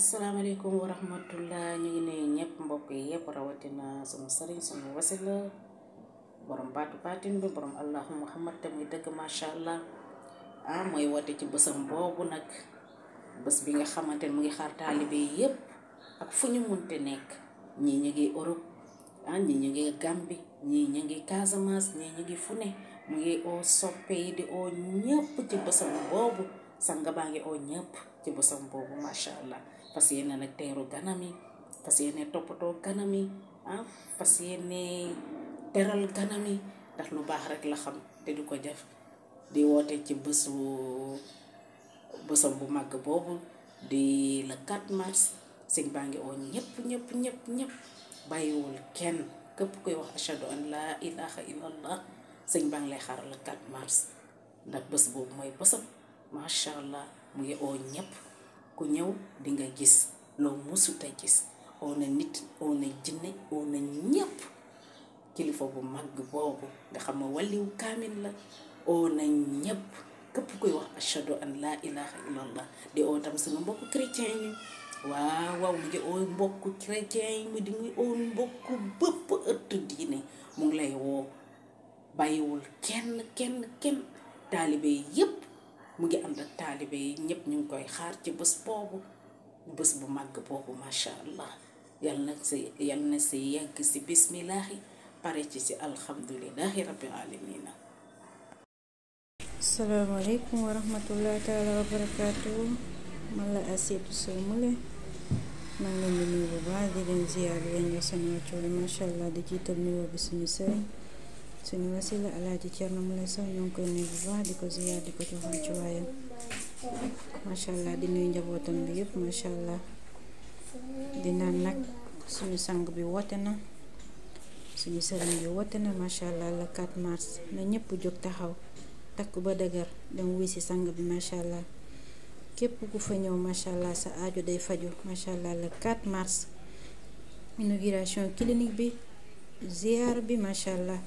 asalaamaaleykum wa rahmatullah ñu ngi ne ñëpp mbokk yi yëpp rawatina sama sëriñ sama wasila borom baatu baatin bi borom allahu muhammad te muy dëgg macha allah ah mooy woote ci bësam boobu nag bés bi nga xamante ne mu ngi xaar taalibe yëpp ak fu nekk ñii ñu ngi Europe ah ñii ñu ngi Gambie ñii ñu ngi fu ne mu ngi oo di oo ñëpp ci baa ngi oo ñëpp ci bësam boobu macha allah. fas yéene nag teeru ganam yi fas yéene toppatoo ganam yi ah fas yéene teral ganam yi ndax lu baax rek la xam te du ko def di woote ci bésu bésam bu màgg boobu di le 4 mars sëñ baa ngi oo ñëpp ñëpp ñëpp ñëpp bàyyiwul kenn képp koy wax ashadu baa ngi lay xaar le 4 mars ndax bës boobu mooy bésam macha allah mu ngi oo ñëpp ku ñëw di gis loo mësuta gis oo na nit oo na jinne oo na ñépp kilifa bu mag képp kuy wax ashadu an laa ilaha illallah di oo tam sunu mbokku chrétien yi waaw waaw mu oo mbokku chrétien yi mu di muy oo mbokku bëpp ëtt diine mu ngi lay woo bàyyiwul kenn kenn kenn taalibe yépp mu ngi ànd ak taalibe yi ñëpp ñu ngi koy xaar ci bés boobu bés bu màgg boobu macha allah yal na si yal si yegg si bismillahi pare ci si alhamdulilahi rabbil alamina asalaamaaleykum wa rahmatullahi taala wa barakaatu man la Astou Sow Moulé di nuyu bu baax di allah di jiital suñu sëriñ suñu wasila alaaji Thierno Moule Sow koy nuyu bu baax di ko ziyaar di ko jox ci waayam macha allah di njabootam bi yëpp macha allah di naan nag suñu sang bi woote na suñu sëriñ bi woote na macha allah le 4 mars na ñëpp jóg taxaw takk ba dëgër dem wuy si sang bi macha allah képp ku fa ñëw macha allah sa ajo day faju macha allah le 4 mars inauguration clinique bi ziar bi macha allah.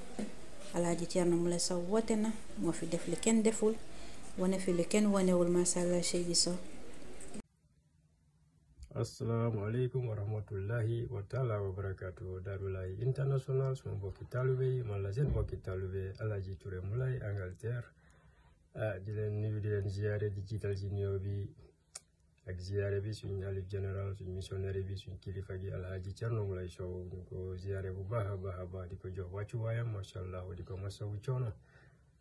alaaji Thierno Moule Sow woote na moo fi def li kenn deful wane fi li kenn wanewul macha allah Seydi Sow asalaamaaleykum wa rahmatullahi wa taala wa international suma mbokki taalube yi man la seen mbokki taalube alaaji Touré Moulay Angleterre ah, di leen nuyu di leen ziare di jiital ci nuyoo ak ziare bi suñ alif général suñ missionnaire bi suñ kilifa gi alhaji Thierno Moulay Sow ñu ko bu ba a baax a baax di ko jox wàccu waayam macha allah di ko masawu coono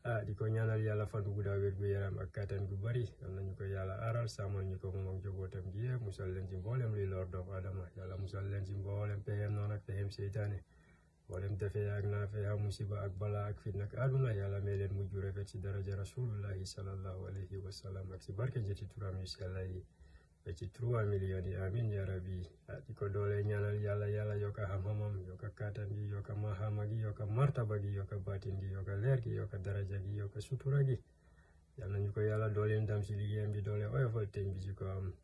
ah di ko ñaanal yàlla fan bu guddaa wér gu yaram ak kattan gu bari am nañu ko yàlla aaral sàmmal ñu ko moom ak jobootam gi yëpp musal leen ci mboolem luy lor doomu aadama yàlla musal leen ci mboolem pexeem noonu ak pexeem seytaane mboolem defee ak naa feexa musiba ak bala ak fitna ak àdduna yàlla may leen mujj rafet ci daraja rasulullahi sallallahu alayhi wa sallam ak ci barke njëti turam yu yi ba ci trois millions yi amin yaa rabbi di doole ñaanal yàlla yàlla yokka xam-xamam yokka kàttan gi yokka maxaama gi yokka martaba gi yokka baatin gi yokka leer gi yokka daraja gi yokka sutura gi yal nañu ko doole ndam si liggéeyam bi doole oyofal teñ bi ci ko am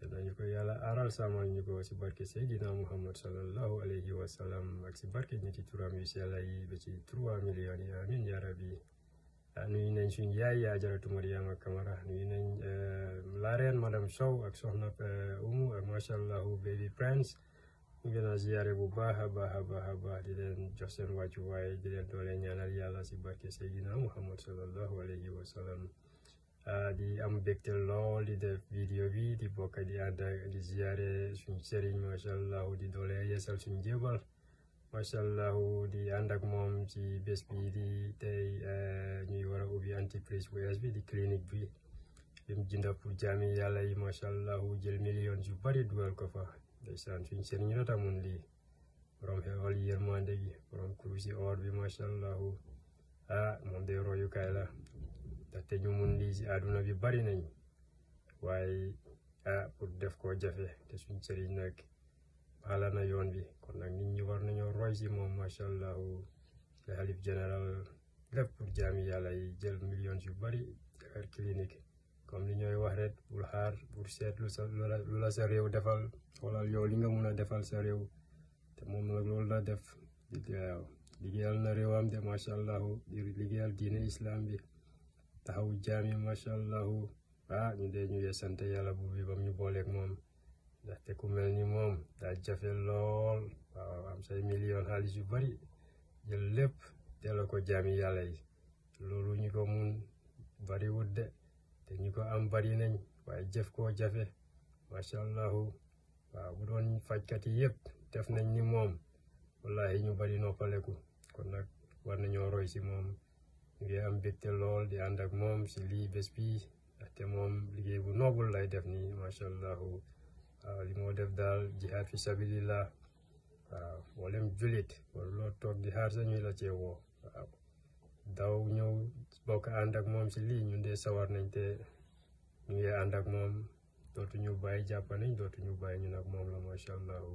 yal nañu ko yàlla aral sàmmal ñu ko si barke Seydina Muhammad sallallahu alayhi wa sallam ak si barke ñetti turam yu yi ba ci yi nuyu nañ suñu yaay a jaratu Mariama Camara nuyu nañ eh, la reine Sow ak soxna eh, Umu ak eh, macha allah baby prince ñu gën a ziare bu baax a baax a baax a baax jox seen wàccuwaay di leen doole ñaanal yàlla si barke Seydina Muhammad sallallahu alayhi wa sallam ah, di am bégte lool di def vidéo bi di bokk di ànd di ziare suñu sëriñ macha allah di doole yeesal suñu jébal macha allah di ànd ak moom ci bés bi di tey eh, ñuy war a ubbi entreprise bu bees bi di clinique bi lim jënd pour jaami yàlla yi macha allah jël million yu bari dugal ko fa ndeysaan suñ seen ñu doon amoon lii borom xewal yërmande gi borom kurus yi or bi macha allah ah moom de ñu mun lii si àdduna bi bari nañu waaye ah pour def ko jafe te suñ sëriñ nag. ala na yoon bi kon nag nit ñi war nañoo roy si moom macha allah xalif général lépp pour jaami yàlla yi jël million yu bari defar clinique comme li ñooy wax rek bul xaar pour seet lu sa lu la sa réew defal xoolal yow li nga mun a defal sa réew te moom loolu la def liggéeyal na réewam de macha allah di liggéeyal diine islam bi taxawu jaami macha allah ah ñu dee ñu yee yàlla bu bi bam ñu booleek moom. ndaxte ku mel ni moom daa jafe lool waaw am say million xaalis yu bari jël lépp teel a ko jaami yàlla yi loolu ñu ko mun bariwut de te ñu ko am bari nañ waaye jëf ko jafe macha allahu waaw bu doon fajkat yi yëpp def nañ ni moom wallahi ñu bari noppaleku kon nag war nañoo roy si moom ñu ngi am bégte lool di ànd ak moom si lii bés bi te moom liggéey bu noobul lay def nii macha allahu waaw li moo def daal jihaad fi sabilillah waaw mboolem julit wala loo toog di xaar sa ñuy la cee waaw daw ñëw bokk ànd ak moom si lii ñun dee sawar nañ te ñu ngi ànd ak moom dootuñu bàyyi jàpp nañ dootuñu bàyyi ñun ak moom la macha allahu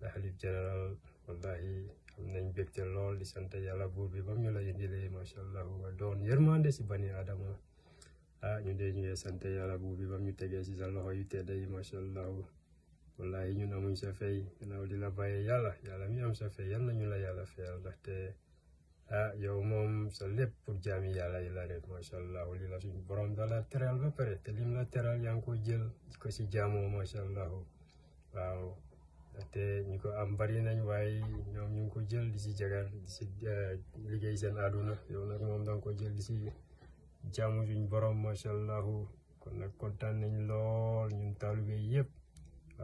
la xalif général wallahi am nañ bégte lool di sant yàlla buur bi ba mu ñu la indilee macha allahu doon yërmande si bani aadama ah ñu dee ñu ngi sant yàlla bu bi bam ñu tegee si sa loxo yu tedd yi macha allah wallahi ñun amuñ sa fay gannaaw di la bàyyee yàlla yàlla mi am sa fay yal nañu la yàlla fayal ndaxte ah yow moom sa lépp pour jaami yàlla yi la rek la suñu borom da la teral ba pare te lim la teral yaa ngi ko jël ko si jaamoo macha allah waaw ndaxte ñu ko am bari nañ waaye ñoom ñu ngi ko jël di si jagar di si eh, liggéey seen àdduna yow nag moom da ko jël di si. jaamu suñ borom macha allah kon nag kontaan nañ lool ñun taalibe yëpp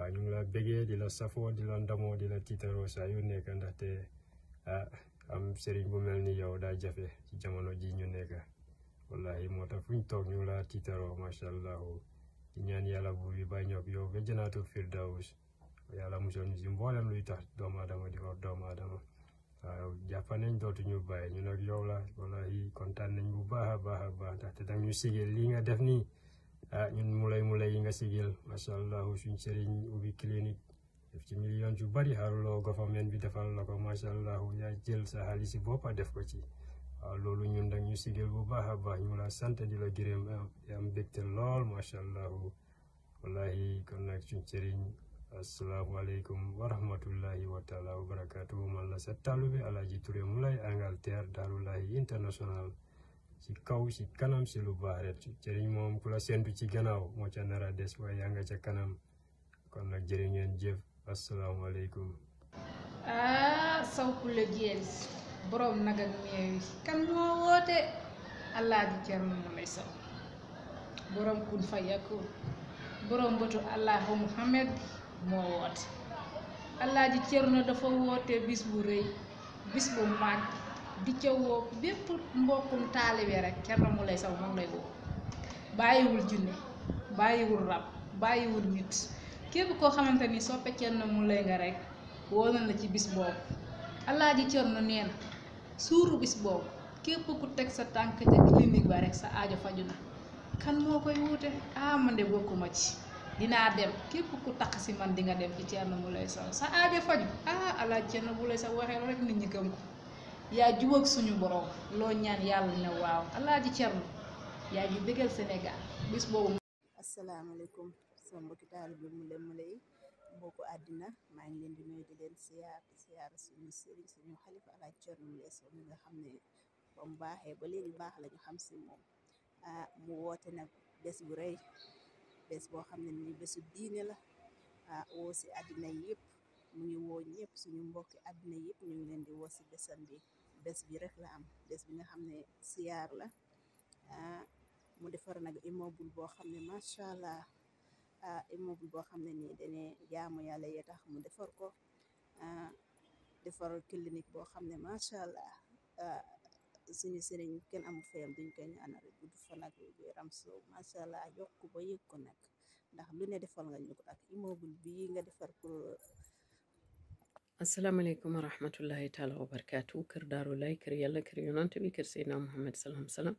a ñu ngi la bégee di la safoo di la ndamoo di la tiitaroo saa yu nekk ndaxte ah am sëriñ bu mel ni yow daa jafe ci jamono ji ñu nekk wallahi moo tax fu ñu toog ñu ngi la tiitaroo macha allah di ñaan yàlla buur bi bàyyi ñoog yow ba janaatul firdaws yàlla musal ñu si mboolem luy tax doomu aadama di war doomu adama waaw jàpp nañ dootuñu bàyyi ñu nag yow la wallahi kontaan nañ bu baax a baax a baax ndaxte dang ñu sigil lii nga def nii ah ñun mulay mulay yi nga sigil macha allah suñ sëriñ ubbi clinique def ci million yu bari xaaruloo government bi defal la ko macha allah yaa jël sa xaalis si boppa def ko ci waaw loolu ñun dang ñu sigil bu baax a baax ñu la sant di la gërëm am bégte lool macha allah wallahi kon nag suñ sëriñ asalaamaaleykum wa rahmatullahi wa taala wa barakaatu man la sa taalibe Alaaji Touré mu lay Angleterre Daarulahi international ci kaw ci kanam si lu baax rek jëriñ moom ku la séntu ci gannaaw moo ca nara des waaye yaa nga ca kanam kon nag jëri ngeen jëf asalaamaaleykum ah sawkule jeel boroom nag ak meew kan moo woote Alaaji Thierno Moulé Sow boroom kun fa yakun boroom bëtu Allahu Muhammad moo woote Alaaji Cerno dafa woote bis bu rëy bis bu màgg di ca woo bépp mbokkum taalibe rek Cerno Moulay Sow moom lay woo bàyyiwul junne bàyyiwul rab bàyyiwul nit képp koo xamante ni soppe Cerno Moulay nga rek woo na ci bis boobu Alaaji Cerno nee na suuru bis boobu képp ku teg sa tànk ca clinique ba rek sa ajo faju na kan moo koy wuute ah bokkuma ci dinaa dem képp ku taq si man di nga dem ci Thierno Moule Sow sa sax faju ah alaaj Thierno Moule Sow waxee rek nit ñi gëm ko yaa jubóog suñu borom loo ñaan yàlla na waaw alaaji Thierno yaa ju bégal Sénégal bis boobu. asalaamaaleykum sama mbokki taalibe Moule Moule yi mbokku àddina maa ngi leen di nuyu di leen siyaar suñu suñu xalifa alaaj mi nga xam ne ba mu baaxee ba léegi baax lañu xam si moom ah, mu woote nag bés bu rëy. bees boo xam ne ni bésu diine la ah, woo ci àddina yépp mu ngi woo ñépp suñu mbokki àddina yépp ñu ngi leen di woo ci bésam bi bés bi rek la am bés bi nga xam ne siyaar la ah, mu defar nag immeuble boo xam ne macha allah ah, immeuble boo xam ne nii dane jaamu yàlla yee tax mu defar ko defar clinique boo xam ne macha allah suñu sëriñ kenn amu fayam duñ koy ñaanal gudd fan ak wér gu yaram so mashallah yokk ba yëg ko nag ndax lu ne defal nga ñu ko ak immeuble bii nga defar pour asalaamaaleykum wa rahmatullahi taala wa barakaatu kër daaru lay kër yàlla kër yonante bi kër seydna muhammad salaam salaam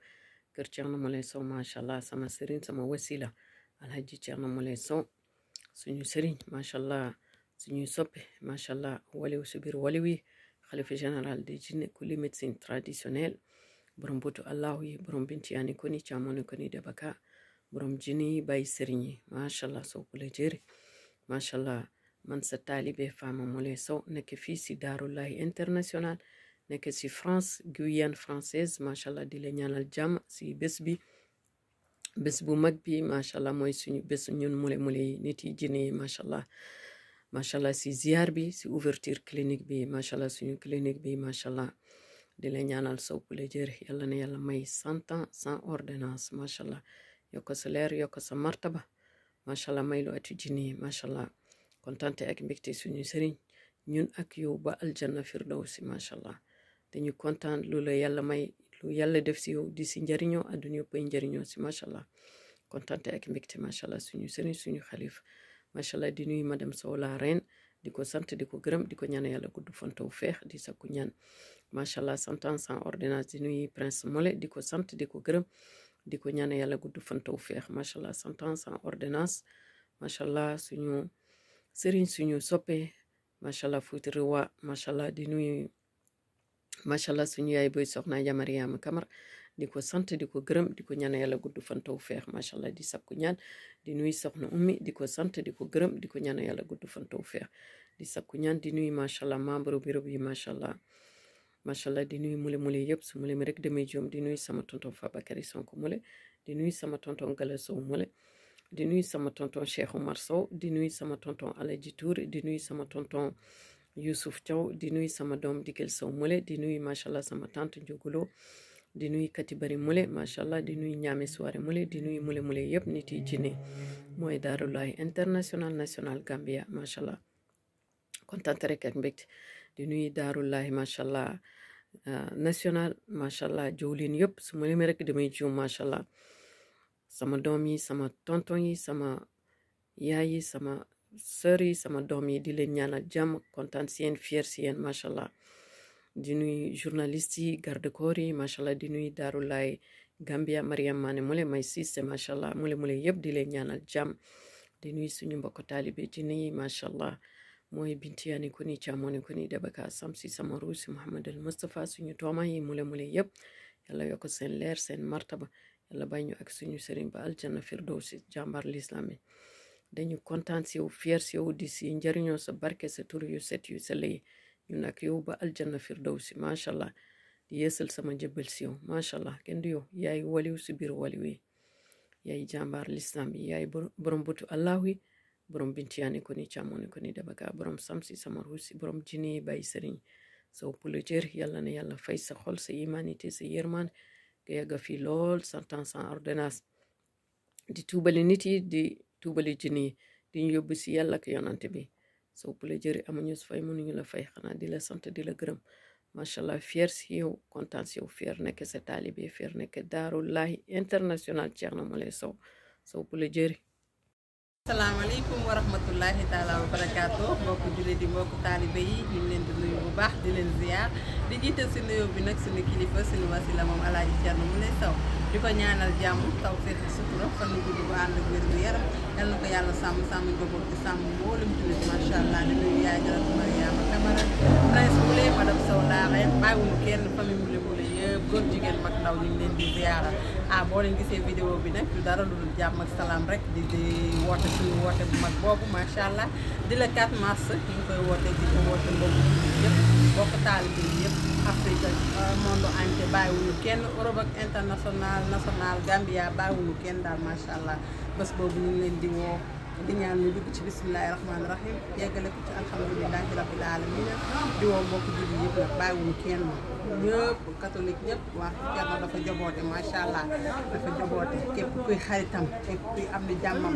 kër Thierno Moule Sow macha allah sama sëriñ sama wasila alhaji Thierno Moule Sow suñu sëriñ macha allah suñuy soppe macha allah waliw si biir wi xalifa général de jinne kulli médecine traditionnelle borom botu allahu yi borom bintiyaani koni càmmoni koni debaka borom jini bay sëriñ yi macha allah soo ku la jëri allah man sa taalibe Fama Moule Sow nekk fii si daarullahi international nekk si France Guyane française macha allah di la ñaanal jàmm si bés bi bés bu mag bi macha allah mooy suñu bés ñun mule mule yi nit yi jinne yi allah macha allah si ziar bi si ouverture clinique bi macha allah suñu clinique bi macha allah di la ñaanal sow pule jër yalla na yàlla may cent ans sans ordonnance macha allah yokko sa leer yokko sa martaba macha allah may lu atu jini macha allah kontante ak mbégte suñu sëriñ ñun ak yow ba aljanna firdawsi macha allah dañu kontaan lu la yàlla may lu yàlla def si yow di si njariñoo àdduna yëpp si macha allah ak mbégte macha suñu sëriñ suñu xalif macha allah di nuy madame Sow la reine di ko sant di ko gërëm di ko ñaan yàlla gudd fan taw feex di sakku ñaan macha allah cent ans sans ordonnance di nuyu prince Mole di ko sant di ko gërëm di ko ñaan yàlla gudd fan taw feex macha allah cent ans macha allah suñu sëriñ suñu soppe macha allah Fuuti Riwa di nuyu macha suñu yaay boy soxna Aja Mariama Kamara di ko sant di ko gërëm di ko ñaan gudd fan taw feex macha di sakku ñaan. di nuy soxna ummi di ko sant di ko gërëm di ko ñaan yàlla gudd fan tawfeex di sakku ñaan di nuy macha allah membre bureau bi macha allah macha allah di nuy mule mule yëpp su mule mi rek demee joom di nuy sama tonton Fabakary Sonko mule di nuy sama tonton Gala Sow mule di nuy sama tonton Cheikh Oumar di nuy sama tonton Alaji Touré di nuy sama tonton Youssouf Thiaw di nuy sama doom Digel Sow mule di nuy macha allah sama tante Ndiogolo di nuy katibari mule macha allah di nuy ñaame soirée mule di nuy mule mule yëpp nit yi jinne mooy daarulaay international national Gambia macha allah kontaan rek di nuy daarulaay macha allah ah, national macha allah jowlin yëpp su ma limee rek damay macha allah sama doom yi sama tonton yi sama yaay yi sama sœur sama doom yi di leen ñaanal jàmm kontaan si yéen fier si macha allah di nuyu journaliste yi garde corps yi macha allah di nuyu Darou Laye Gambia Mariam Mané mu le may siise macha allah mu le mu le yëpp di leen ñaanal jàmm di nuyu suñu mbokku taalibe di nuyu macha allah mooy Bintu Yaani Kuni Thiamone Kuni Debeka Samsi Samaru si Muhammad al Mustapha suñu tooma yi mu le mu le yëpp yàlla yokk seen leer seen martaba yàlla bàyyi ñu ak suñu sëriñ ba aljanna firdawsi jàmbar l'islam yi dañu kontaan si yow fier si yow di si njëriñoo sa barke sa yu set yu ñu nag yow ba aljanna firdawsi macha allah di yeesal sama njëbbal si yow macha allah kenn du yaay waliw si biir waliw yi yaay jàmbaar lislam yi yaay borom butu allahu yi borom bintiyaani ko ni càmmooni ko ni dabaka borom samsi samar husi borom jini bàyyi sëriñ saw pulëjër yàlla na yàlla fay sa xol sa humanité sa yërmaan nga yàgga fii lool sans temps sans ordonnance di tuubali nit yi di tuubali jini yi di ñu yóbbu si yàlla ak yonante bi soo bu la jëri amuñu su fay mënuñu la fay xanaa di la sant di la gërëm macha allah fier si yow kontaan si yow fier nekk sa taalibe fier nekk daarullahi international Thierno Moule Sow soo bu la jëri asalaamaaleykum wa rahmatullahi taala wa barakaatu mbokku jullit di mbokku taalibe yi ñu leen di nuyu bu baax di leen ziar di jiital si nuyoo bi nag suñu kilifa suñu wasila moom alaaji Thierno Moule Sow di ko ñaanal jàmm taw fexe sutura fan yu gudd bu ànd ak wér gu yaram yal na ko yàlla sàmm sàmm njaboot bi sàmm mboolem jullit macha allah di nuyu yaay Jaratu Mariama Camara prince Moulé madame Sow laa reen bàyyiwuñu kenn famille Moulé Moulé yëpp góor jigéen mag ndaw ñu leen di ziara ah boo leen gisee vidéo bi nag lu dara lu dul jàmm ak salaam rek di di woote suñu woote bu mag boobu macha allah di la mars ñu koy woote di ko woote mbokku yëpp mbokku taalibe yëpp. Afrique ak euh, monde entier bàyyiwuñu kenn Europe international national Gambia bàyyiwuñu kenn daal macha allah bés boobu ñu leen di woo di dugg ci bisimilahi rahmaani rahim yeggale ci alhamdulilahi rabbil alamina di woo mbokk jullit yëpp nag bàyyiwuñu kenn ñëpp catholique ñëpp wax kenn dafa joboote macha allah dafa joboote képp kuy xaritam képp kuy am ni jàmmam